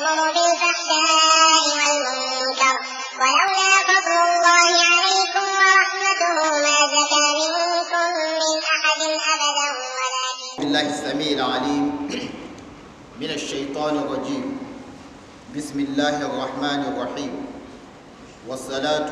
يأمر بالفحشاء والمنكر ولولا فضل الله عليكم ورحمته ما زكى منكم من أحد أبدا ولكن الله السميع العليم من الشيطان الرجيم بسم الله الرحمن الرحيم والصلاة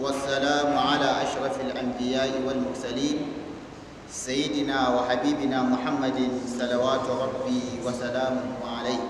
والسلام على أشرف الأنبياء والمرسلين سيدنا وحبيبنا محمد صلوات ربي وسلامه عليه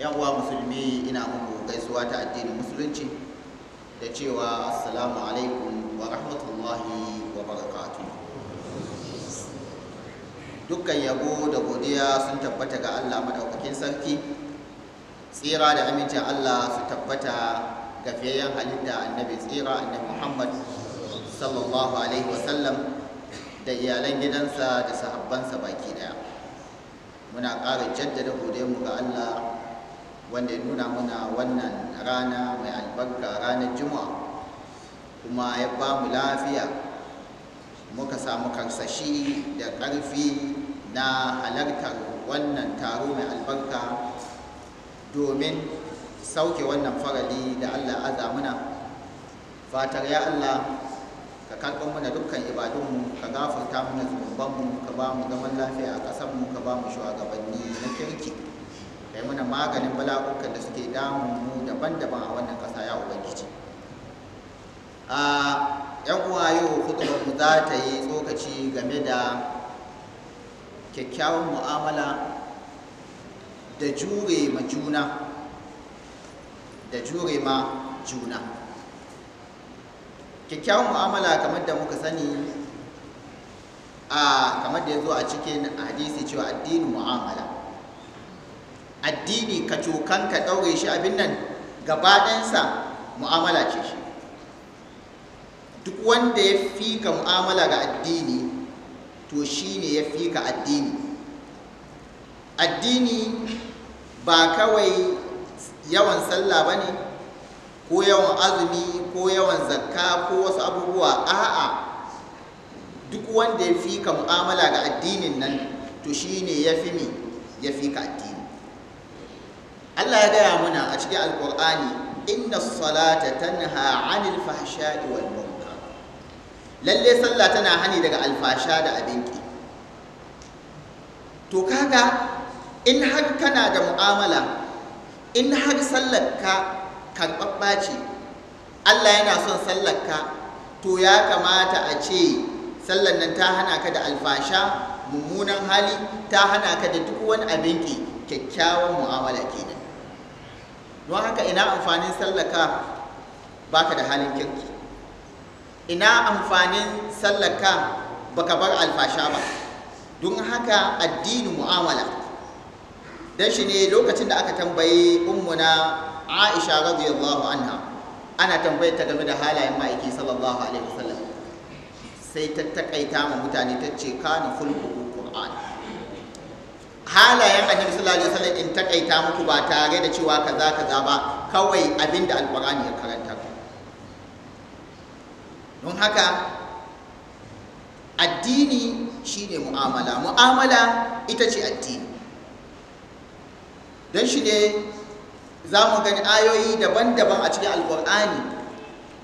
yan uwa musulmi ina muku gaisuwa ta addinin musulunci da cewa assalamu alaikum wa rahmatullahi wa barakatuh dukkan yabo da godiya sun tabbata ga Allah madaukakin sarki tsira da amincin Allah su tabbata ga fiyayyen halitta annabi tsira annabi Muhammad sallallahu alaihi wasallam da iyalan gidansa da sahabbansa baki daya muna ƙara jaddada godiyarmu ga Allah wanda ya nuna muna wannan rana mai albarka ranar juma'a kuma ya ba mu lafiya muka samu karsashi da ƙarfi na halartar wannan taro mai albarka domin sauke wannan farali da allah aza muna fatar ya allah ka karɓar mana dukkan ibadunmu ka gafarta mana zunubanmu ka ba mu zaman lafiya a ƙasarmu ka ba mu shugabanni na kirki kai mana maganin bala'ukan da suke damun mu daban-daban a wannan ƙasa ya ubangiji a yan uwa yau hutubar mu za ta yi tsokaci game da kyakkyawan mu'amala da jure ma juna da jure ma juna kyakkyawan mu'amala kamar da muka sani a kamar da ya zo a cikin hadisi cewa addinin mu'amala addini ka cokan ka ɗaure shi abin nan gaba ɗansa mu'amala ce shi duk wanda ya fi ka mu'amala ga addini to shi ne ya fi ka addini addini ba kawai yawan sallah ba ne ko yawan azumi ko yawan zakka ko wasu abubuwa a'a duk wanda ya fi ka mu'amala ga addinin nan to shi ne ya fi ne ya fi ka addini Allah ya gaya muna a cikin alkur'ani inna salata tanha anil fahsha'i wal munkar lalle sallah tana hani daga alfasha da abinki to kaga in har kana da mu'amala in har sallar ka karɓaɓɓa ce Allah yana son sallar ka. to ya kamata a ce sallar nan ta hana ka da alfasha mummunan hali ta hana ka da duk wani abinki kyakkyawan mu'amala kenan don haka ina amfanin sallaka baka da halin kirki ina amfanin sallaka baka bar alfasha ba don haka addini mu'amala dan shi ne lokacin da aka tambayi ummuna aisha radiyallahu anha ana tambayar ta game da halayen ma'aiki sallallahu alaihi wasallam sai ta takaita ma mutane ta ce kana kulku qur'an halayen annabi sallallahu alaihi wasallam in takaita muku ba tare da cewa kaza kaza ba kawai abinda alqur'ani ya karanta don haka addini shine mu'amala mu'amala ita ce addini don shi ne za mu gani ayoyi daban-daban a cikin alkur'ani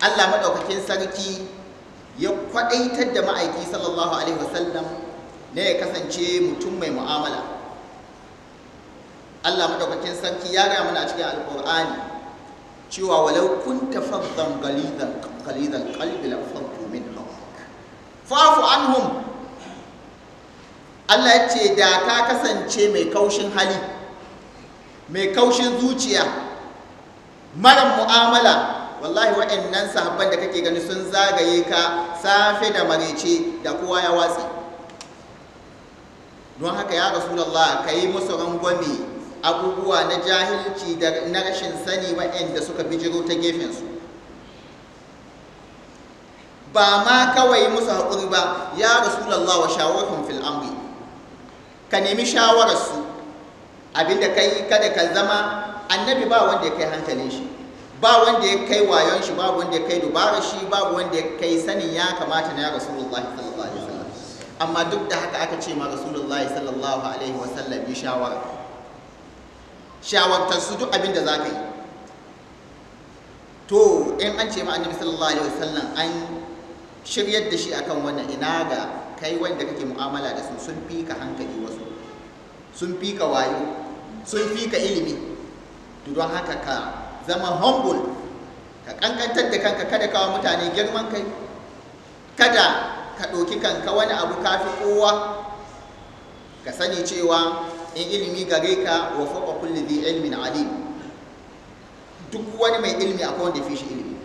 allah maɗaukakin sarki ya kwaɗaitar da ma'aiki sallallahu alaihi wasallam na ya kasance mutum mai mu'amala Allah madaukakin sarki ya ga mana cikin alqur'ani cewa walau kunta faddan ghalidan qalidan qalbi la faddu min hawlik fa'fu anhum Allah yace da ka kasance mai kaushin hali mai kaushin zuciya mara mu'amala wallahi wa'annan sahabban da kake gani sun zagaye ka safe da marece da kowa ya watsi don haka ya rasulullah ka yi musu rangwame abubuwa na jahilci da na rashin sani waɗanda suka bijiro ta gefensu ba ma kawai musu haƙuri ba ya rasulallah wa shawarar fil amri ka nemi shawararsu abinda kai kada ka zama annabi ba wanda ya kai hankalin shi ba wanda ya kai wayon shi babu wanda ya kai dubara shi babu wanda ya kai sanin ya kamata na ya rasulullahi sallallahu alaihi wasallam amma duk da haka aka ce ma rasulullahi sallallahu alaihi wasallam yi shawara shawartar su duk abin da za ka yi to in an ce ma annabi sallallahu alaihi wasallam an shiryar da shi akan wannan ina ga kai wanda kake mu'amala da su sun fi ka hankali wasu sun fi ka wayo sun fi ka ilimi to don haka ka zama humble ka kankantar da kanka kada kawo mutane girman kai kada ka ɗauki kanka wani abu kafi kowa ka sani cewa in ilimi gare ka wa fawqa kulli dhi ilmin alim duk wani mai ilimi akwai wanda fi shi ilimi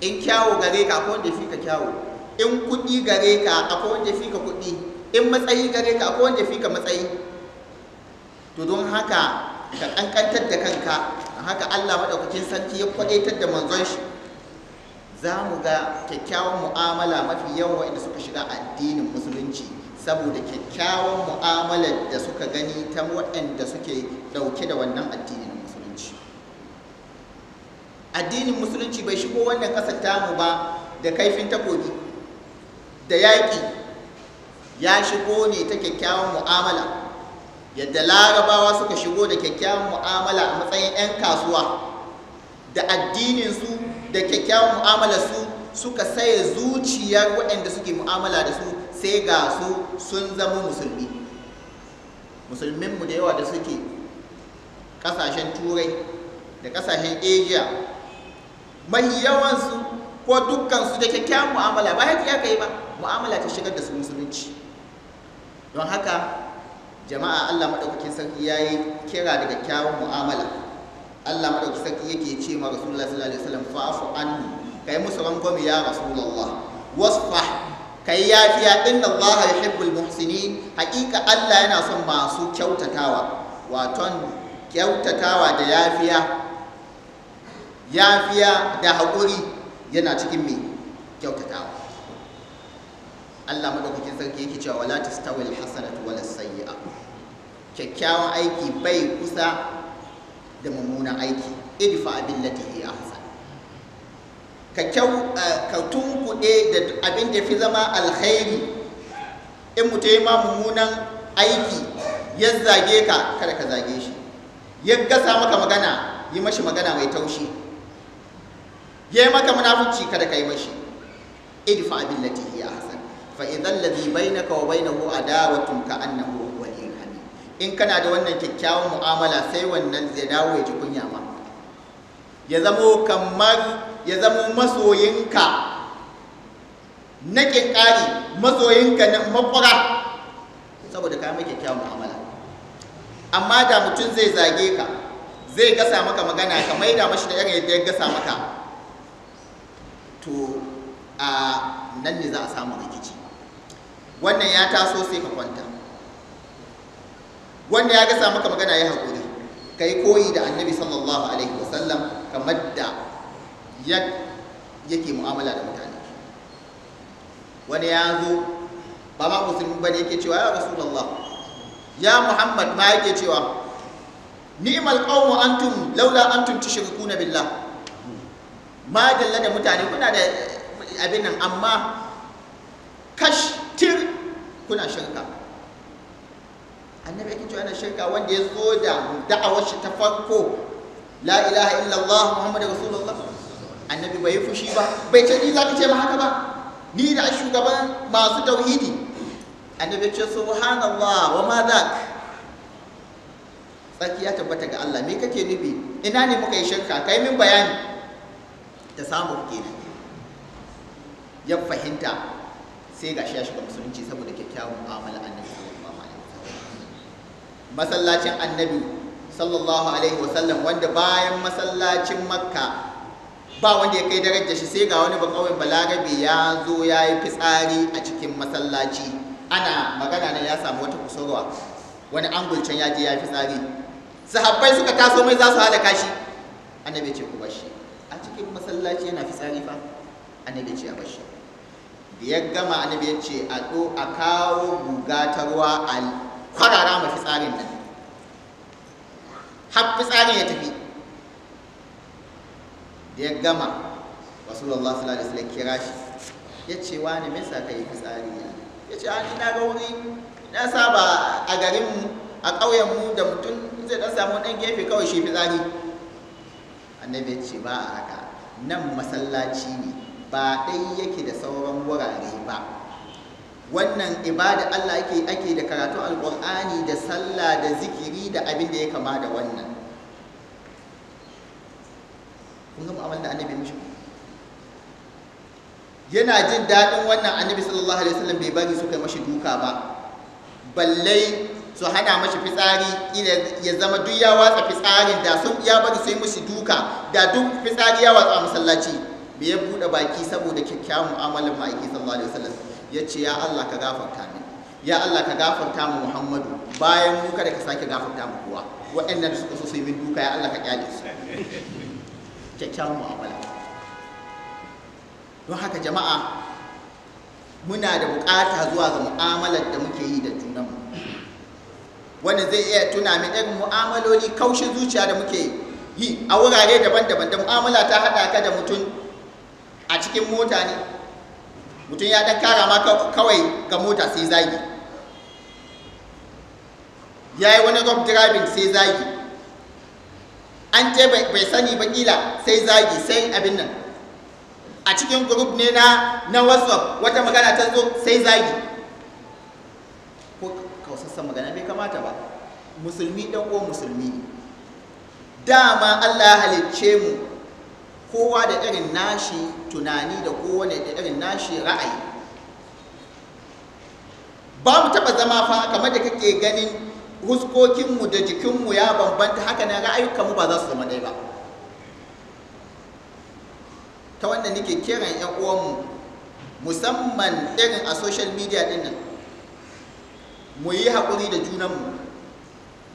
in kyawo gare ka a kowanda fi ka kyawo in kuɗi gare ka a kowanda fi ka kuɗi in matsayi gare ka a kowanda fi ka matsayi to don haka ka kankantar da kanka a haka Allah maɗaukacin sarki ya kwadaitar da manzon shi za mu ga kyakkyawan mu'amala mafi yawan waɗanda suka shiga addinin musulunci saboda kyakkyawan mu'amalar da suka gani ta waɗanda suke ɗauke da wannan addinin musulunci addinin musulunci bai shigo wannan ƙasar tamu ba da kaifin takobi da yaƙi ya shigo ne ta kyakkyawan mu'amala yadda larabawa suka shigo da kyakkyawan mu'amala a matsayin 'yan kasuwa da addininsu da kyakkyawan mu'amalarsu suka saye zuciyar waɗanda suke mu'amala da su sai ga su sun zama musulmi musulminmu da yawa da suke kasashen turai da kasashen asia mai yawansu ko dukkansu da kyakkyawan mu'amala ba haka ya kai ba mu'amala ta shigar da su musulunci don haka jama'a Allah maɗaukakin sarki ya yi kira da kyakkyawan mu'amala Allah maɗaukakin sarki yake ce ma Rasulullah sallallahu alaihi wasallam fa'fu anhu kai musu rangwami ya Rasulullah wasfah kai yafiya inna allaha yuhibbul muhsinin haƙiƙa Allah yana son masu kyautatawa waton kyautatawa da yafiya yafiya da haƙuri yana cikin mai kyautatawa Allah madaukakin sarki yake cewa wala tastawil hasanatu wala sayyi'a kyakkyawan aiki bai kusa da mummunan aiki idfa billati hi ahsan ka kyau eh, ka tunkuɗe da abin da fi zama alkhairi in mutum ya ma mummunan aiki ya zage ka kada ka zage shi ya gasa maka magana yi mashi magana mai taushi ya yi maka munafuci kada ka yi mashi idfa billati hiya ahsan fa idan ladhi bainaka wa bainahu adawatun ka annahu waliyun in kana da wannan kyakkyawan mu'amala sai wannan zai dawo ya ji kunya ma ya zamo kamar ya zama masoyinka na ƙinƙari masoyinka na makwara saboda ka mai kyakkyawan mu'amala amma da mutum zai zage ka zai gasa maka magana ka maida mashi da irin yadda ya gasa maka to a nan ne za a samu rikici wannan ya taso sai ka kwanta wanda ya gasa maka magana ya haƙuri ka yi koyi da annabi sallallahu alaihi wasallam kamar da yake mu'amala da mutane wani ya zo ba ma musulmi ba ne yake cewa ya rasulallah ya muhammad ma yake cewa ni'mal qawmu antum laula antum tushrikuna billah ma dalla da mutane kuna da abin nan amma kash tir kuna shirka annabi yake cewa ana shirka wanda ya zo da da'awar shi ta farko la ilaha illallah muhammadu rasulullah annabi bai fushi ba bai ce ni ka ce ma haka ba ni da shugaban masu tauhidi annabi ce subhanallah wa ma zak tsaki ya tabbata ga Allah me kake nufi ina ne muka yi shakka kai min bayani ta samu kenan ya fahimta sai ga shi ya shiga musulunci saboda kyakkyawan mu'amala annabi sallallahu alaihi wasallam masallacin annabi sallallahu alaihi wasallam wanda bayan masallacin makka ba wanda ya kai daraja shi sai ga wani bakawin balarabe ya zo ya yi fitsari a cikin masallaci ana magana nan ya samu wata kusurwa wani angulcen ya je ya fitsari sahabbai suka taso mai za su halaka shi annabi ce ku bashi a cikin masallaci yana fitsari fa annabi ce a bashi da ya gama annabi ya ce a ɗo a kawo gugatarwa a kwarara fitsarin nan har fitsarin ya tafi da ya gama rasulullah sallallahu alaihi kira shi ya ce wani me sa kai fitsari ya ya ce an ina ga wuri na saba a garin mu a ƙauyen mu da mutum zai dan samu dan gefe kawai shi fitsari annabi ya ce ba a haka nan masallaci ne ba dai yake da sauran wurare ba wannan ibada Allah ake da karatun alkur'ani da sallah da zikiri da abin da ya kama da wannan kun ga abin da annabi mishi yana jin daɗin wannan annabi sallallahu alaihi wasallam bai bari su kai mashi duka ba balle su hana mashi fitsari ya zama duk ya watsa fitsarin da sun ya bari sai mushi duka da duk fitsari ya watsa masallaci bai ya buɗe baki saboda kyakkyawan mu'amalar ma'aiki sallallahu alaihi wasallam ya ce ya Allah ka gafarta min ya Allah ka gafarta mu Muhammadu bayan mu kada ka sake gafarta mu kuwa. waɗannan su su yi min duka ya Allah ka kyale su kyakkyawan mu'amala don haka jama'a muna da bukata zuwa ga mu'amalar da muke yi da junanmu wanda zai iya tuna mai ɗan mu'amaloli kaushin zuciya da muke yi a wurare daban-daban da mu'amala ta haɗa ka da mutum a cikin mota ne mutum ya ɗan kara ma kawai ga mota sai zagi ya yi wani rough driving sai zagi an je bai sani ba kila sai zagi sai abin nan a cikin group ne na na whatsapp wata magana ta zo sai zagi ko kausassan magana bai kamata ba musulmi dan uwan musulmi dama Allah ya halicce mu kowa da irin nashi tunani da kowane da irin nashi ra'ayi ba mu taɓa zama fa kamar da kake ganin huskokinmu da jikinmu ya bambanta haka na ra'ayukanmu ba za su zama ɗaya ba ta wannan nake kiran 'yan uwanmu musamman irin a social media ɗin nan mu yi haƙuri da junanmu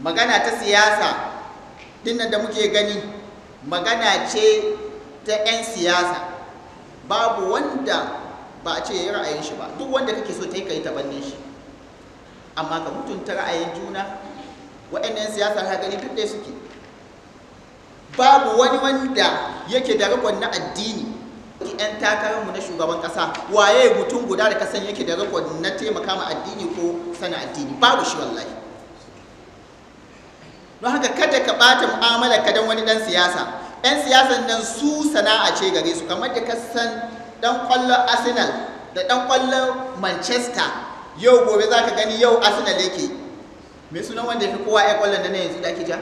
magana ta siyasa dinnan da muke gani magana ce ta 'yan siyasa babu wanda ba a ce ya ra'ayin shi ba duk wanda kake so ta yi ka yi tabannin shi amma ka mutunta ra'ayin juna wa'annan siyasar ha duk da suke babu wani wanda yake da rikon na addini yan takararmu na shugaban kasa waye mutum guda da kasan yake da rikon na taimaka ma addini ko sana addini babu shi wallahi don haka kada ka bata mu'amala ka dan wani dan siyasa yan siyasan nan su sana'a ce gare su kamar da kasan dan kwallon arsenal da dan kwallon manchester yau gobe za ka gani yau arsenal yake mai sunan wanda ya fi kowa ya kwallon da na yanzu da ake ja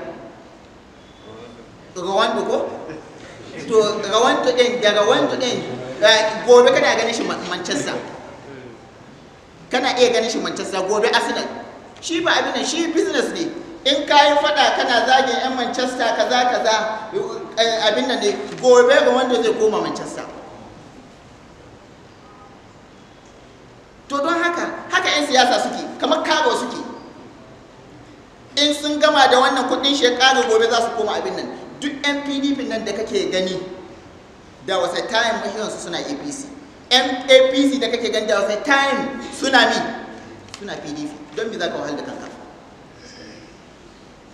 rawanto ko to rawanto ɗin da rawanto ɗin gobe kana ganin shi manchester kana iya ganin shi manchester gobe arsenal shi ba abin da shi business ne in ka yi faɗa kana zagin 'yan manchester kaza kaza eh, abin nan ne gobe wanda zai koma manchester siyasa suke kamar karo suke in sun gama da wannan kudin shekaru gobe za su koma abin nan duk yan pdp nan da kake gani da wasa time mahiyansu suna apc yan apc da kake gani da wasa time suna mi suna pdp don bi za ka wahal da kanka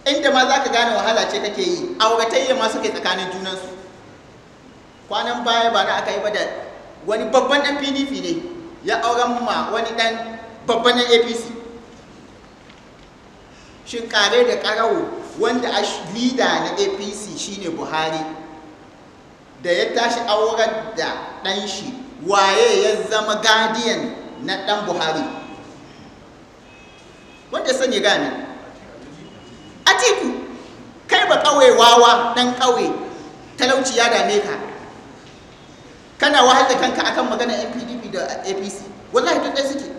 inda ma za ka gane wahala ce kake yi auratayya ma suke tsakanin junansu kwanan baya ba na aka yi ba da wani babban dan pdp ne ya auren ma wani dan babban apc shin kare da karawo wanda a lida na apc shine buhari da ya tashi aurar da dan shi waye ya zama guardian na ɗan buhari wanda sani gane atiku kai ba kawai wawa dan kawai, talauci ya dame ka kana wahal da kanka akan magana npdp da apc wallahi duk ɗaya suke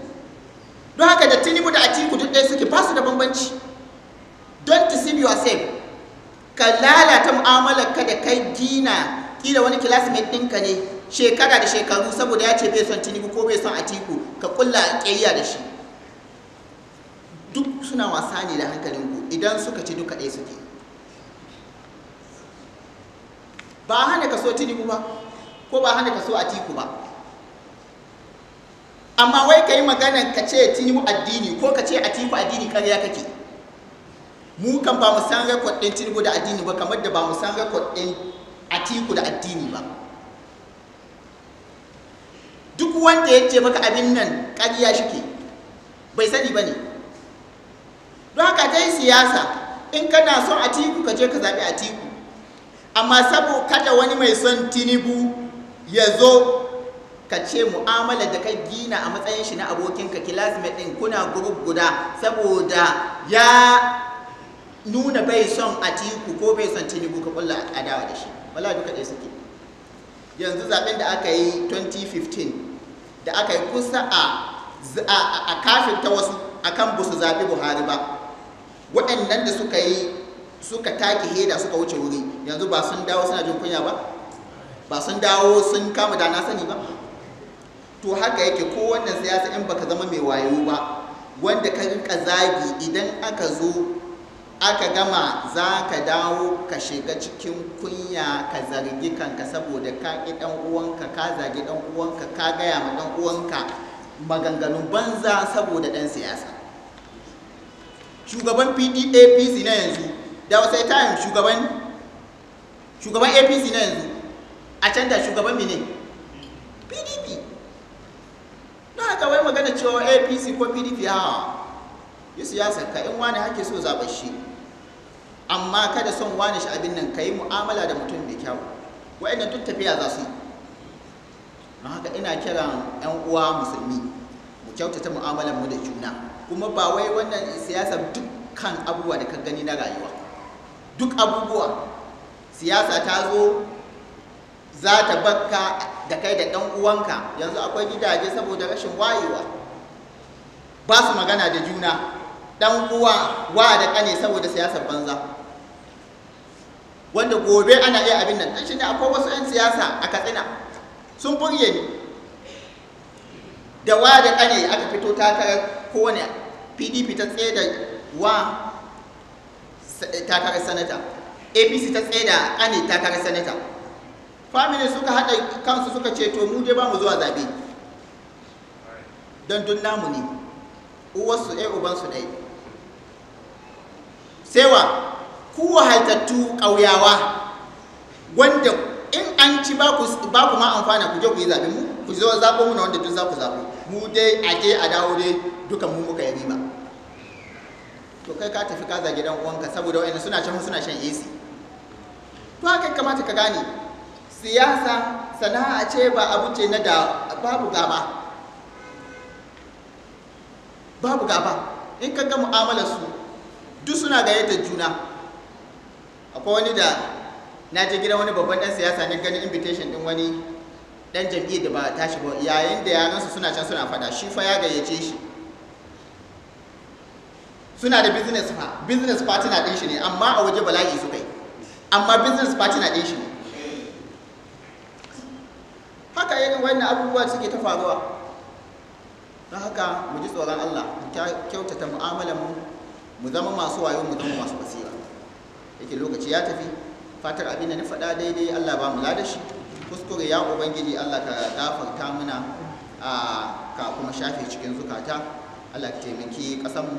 don haka da tinubu da atiku duk ɗaya suke ba da bambanci don deceive yourself ka lalata mu'amalar ka da kai dina kila wani classmate ɗinka ne shekara da shekaru saboda ya ce bai son tinubu ko bai son atiku ka kulla ƙayya da shi duk suna wasa ne da hankalin ku idan suka ci duka ɗaya suke ba hana ka so tinubu ba ko ba hana ka so atiku ba amma wai ka yi magana ka ce tinubu addini ko ka ce a addini karya kake mu kan ba mu san rekod ɗin tinubu da addini ba kamar da ba mu san rekod ɗin atiku da addini ba duk wanda ya ce maka abin nan karya shike bai sani ba ne don haka ta yi siyasa in kana son atiku ka je ka zaɓi atiku amma sabo kada wani mai son tinibu ya zo ka ce mu'amalar da ka gina a matsayin shi na abokinka classmate din kuna gurup guda saboda ya nuna bai son a tiku ko bai son tinubu ka kulla adawa da shi wala duka ɗaya suke yanzu zaben da aka yi 2015 da aka yi kusa a kafin ta wasu akan busu zaɓi buhari ba waɗannan da suka yi suka take heda suka wuce wuri yanzu ba sun dawo suna jin kunya ba ba sun dawo sun kama da na sani ba to haka yake ko wannan siyasa in baka zama mai wayo ba wanda ka rinka zagi idan aka zo aka gama za ka dawo ka shiga cikin kunya ka zargi kanka saboda ka ƙi ɗan uwanka ka zagi ɗan uwanka ka gaya ma ɗan uwanka maganganun banza saboda ɗan siyasa shugaban pdapc na yanzu da wasai tayin shugaban shugaban apc na yanzu a can da shugaban ne. haka wai magana cewa apc ko pdp hawa. yi siyasar ka in wani hake so zaɓar shi amma kada son wani shi abin nan ka yi mu'amala da mutum mai kyau wa'annan duk tafiya za su yi don haka ina kiran 'yan uwa musulmi mu kyautata mu'amalar mu da juna kuma ba wai wannan siyasar dukkan abubuwa da ka gani na rayuwa duk abubuwa siyasa ta zo za ta bakka da kai da ɗan uwanka yanzu akwai gidaje saboda rashin wayewa ba su magana da juna ɗan uwa wa da ƙane saboda siyasar banza wanda gobe ana iya abin nan shi ne akwai wasu 'yan siyasa a katsina sun burge ni da wa da ƙane aka fito takarar kowane pdp ta tsaye da wa takarar sanata apc ta tsaye da ƙane takarar sanata family suka haɗa kansu suka ce to mu dai ba mu zuwa zaɓe don dun namu ne uwarsu ɗaya ubansu ɗaya sewa ku wahaltattu ƙauyawa wanda in an ci ba ku ma amfana ku je ku yi zaɓe mu ku zo zaɓo na wanda duk za ku zaɓo mu dai a je a dawo dai dukan mu muka yi ba to kai ka tafi ka gidan uwanka saboda wa'annan suna can suna shan AC to haka kamata ka gane siyasa sana'a ce ba abu ce na da babu gaba babu gaba in ka ga mu'amalar su duk suna gayyatar juna akwai wani da na je gidan wani babban dan siyasa ne ganin invitation din wani dan jam'iyyar da ba ta shigo yayin da su suna can suna fada shi fa ya gayyace shi suna da business fa business partner din shi ne amma a waje bala'i su kai amma business partner din shi ne haka irin wannan abubuwa suke ta faruwa don haka mu ji tsoron Allah mu kyautata mu'amalar mu mu zama masu wayo mu zama masu basira yake lokaci ya tafi fatar abin da na faɗa daidai Allah ba mu lada shi kuskure ya ubangiji Allah ka gafarta muna a ka kuma shafe cikin zukata Allah ka taimaki kasan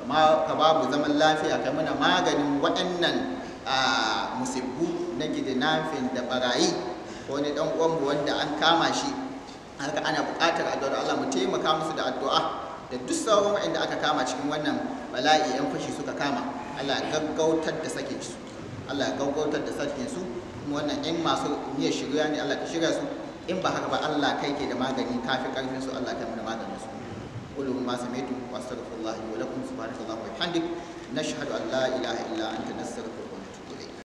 kama ka ba mu zaman lafiya kai muna maganin waɗannan musibbu na gidanafin da barayi ko wani dan uwanmu wanda an kama shi haka ana buƙatar addu'a Allah mu taimaka musu da addu'a da duk sauran wanda aka kama cikin wannan bala'i yan fashi suka kama Allah ya gaggautar da sake su Allah ya gaggautar da sake su kuma wannan in masu niyyar shirya ne Allah ka shirya su in ba haka ba Allah kai ke da magani kafi karfin su Allah ta mana maganin su qulu ma sami'tu wa astaghfirullahi wa lakum subhanahu wa ta'ala wa bihamdik nashhadu an la ilaha illa anta nastaghfiruka